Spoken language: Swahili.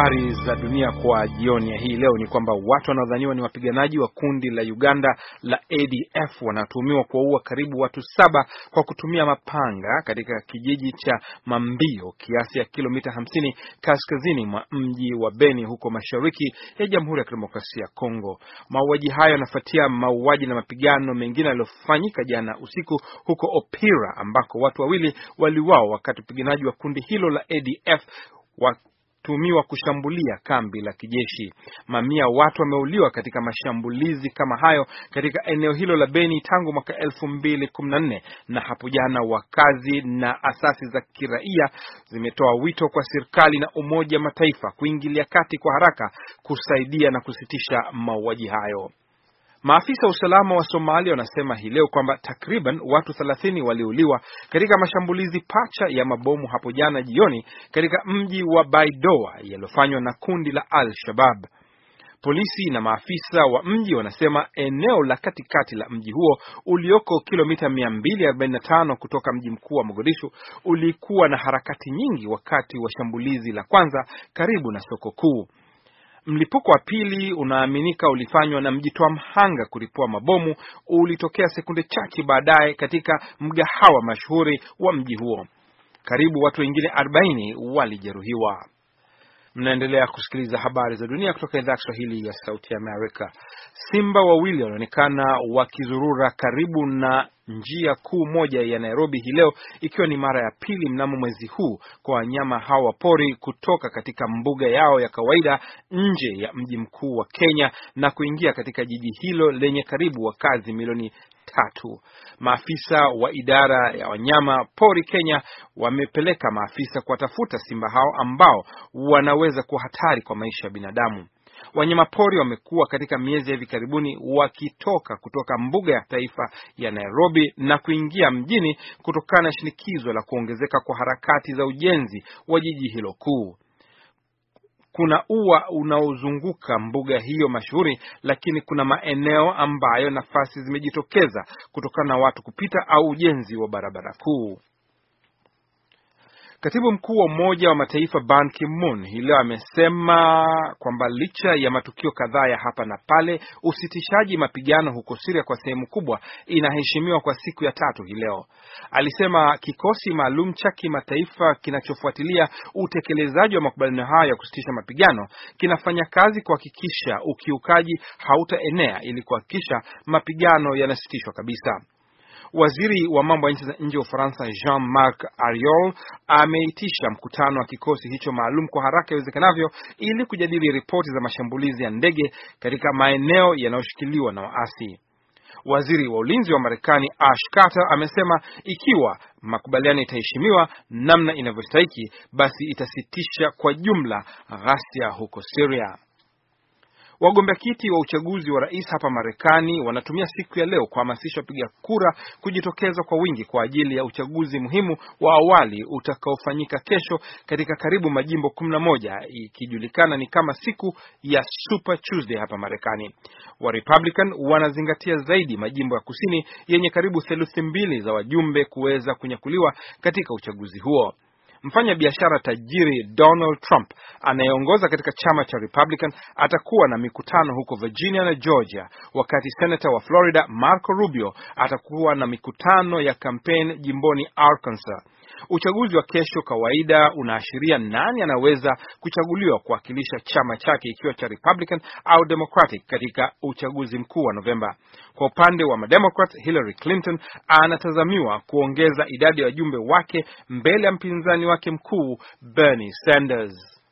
habari za dunia kwa jioni ya hii leo ni kwamba watu wanaodhaniwa ni wapiganaji wa kundi la Uganda la ADF wanatuhumiwa kuwaua karibu watu saba kwa kutumia mapanga katika kijiji cha Mambio kiasi ya kilomita 50 kaskazini mwa mji wa Beni huko mashariki ya Jamhuri ya Kidemokrasia ya Kongo. Mauaji hayo yanafuatia mauaji na mapigano mengine yaliyofanyika jana usiku huko Opira ambako watu wawili waliuawa wakati wapiganaji wa kundi hilo la ADF wa tumiwa kushambulia kambi la kijeshi. Mamia watu wameuliwa katika mashambulizi kama hayo katika eneo hilo la Beni tangu mwaka elfu mbili kumi na nne na hapo jana wakazi na asasi za kiraia zimetoa wito kwa serikali na Umoja Mataifa kuingilia kati kwa haraka kusaidia na kusitisha mauaji hayo. Maafisa wa usalama wa Somalia wanasema hii leo kwamba takriban watu thelathini waliuliwa katika mashambulizi pacha ya mabomu hapo jana jioni katika mji wa Baidoa yaliyofanywa na kundi la Al-Shabab. Polisi na maafisa wa mji wanasema eneo la katikati la mji huo ulioko kilomita 245 kutoka mji mkuu wa Mogadishu ulikuwa na harakati nyingi wakati wa shambulizi la kwanza karibu na soko kuu. Mlipuko wa pili unaaminika ulifanywa na mjitoa mhanga kulipua mabomu ulitokea sekunde chache baadaye katika mgahawa mashuhuri wa mji huo. Karibu watu wengine 40 walijeruhiwa. Mnaendelea kusikiliza habari za dunia kutoka idhaa ya Kiswahili ya Sauti ya Amerika. Simba wawili wanaonekana wakizurura karibu na njia kuu moja ya Nairobi hii leo, ikiwa ni mara ya pili mnamo mwezi huu kwa wanyama hawa wa pori kutoka katika mbuga yao ya kawaida nje ya mji mkuu wa Kenya na kuingia katika jiji hilo lenye karibu wakazi milioni tatu. Maafisa wa idara ya wanyama pori Kenya wamepeleka maafisa kuwatafuta simba hao ambao wanaweza kuwa hatari kwa maisha ya binadamu. Wanyamapori wamekuwa katika miezi ya hivi karibuni wakitoka kutoka mbuga ya taifa ya Nairobi na kuingia mjini kutokana na shinikizo la kuongezeka kwa harakati za ujenzi wa jiji hilo kuu. Kuna ua unaozunguka mbuga hiyo mashuhuri, lakini kuna maeneo ambayo nafasi zimejitokeza kutokana na watu kupita au ujenzi wa barabara kuu. Katibu mkuu wa Umoja wa Mataifa Ban Ki-moon hii leo amesema kwamba licha ya matukio kadhaa ya hapa na pale, usitishaji mapigano huko Siria kwa sehemu kubwa inaheshimiwa kwa siku ya tatu hii leo. Alisema kikosi maalum cha kimataifa kinachofuatilia utekelezaji wa makubaliano hayo ya kusitisha mapigano kinafanya kazi kuhakikisha ukiukaji hautaenea ili kuhakikisha mapigano yanasitishwa kabisa. Waziri wa mambo ya nchi za nje wa Ufaransa Jean-Marc Ayrault ameitisha mkutano wa kikosi hicho maalum kwa haraka iwezekanavyo ili kujadili ripoti za mashambulizi ya ndege katika maeneo yanayoshikiliwa na waasi. Waziri wa ulinzi wa Marekani Ash Carter amesema ikiwa makubaliano itaheshimiwa namna inavyostahiki, basi itasitisha kwa jumla ghasia huko Syria. Wagombea kiti wa uchaguzi wa rais hapa Marekani wanatumia siku ya leo kuhamasisha wapiga kura kujitokeza kwa wingi kwa ajili ya uchaguzi muhimu wa awali utakaofanyika kesho katika karibu majimbo kumi na moja ikijulikana ni kama siku ya Super Tuesday hapa Marekani. Wa Republican wanazingatia zaidi majimbo ya kusini yenye karibu theluthi mbili za wajumbe kuweza kunyakuliwa katika uchaguzi huo mfanya biashara tajiri Donald Trump anayeongoza katika chama cha Republican atakuwa na mikutano huko Virginia na Georgia, wakati senator wa Florida Marco Rubio atakuwa na mikutano ya kampeni jimboni Arkansas. Uchaguzi wa kesho kawaida unaashiria nani anaweza kuchaguliwa kuwakilisha chama chake ikiwa cha Republican au Democratic katika uchaguzi mkuu wa Novemba. Kwa upande wa Democrat, Hillary Clinton anatazamiwa kuongeza idadi ya wajumbe wake mbele ya mpinzani wake mkuu Bernie Sanders.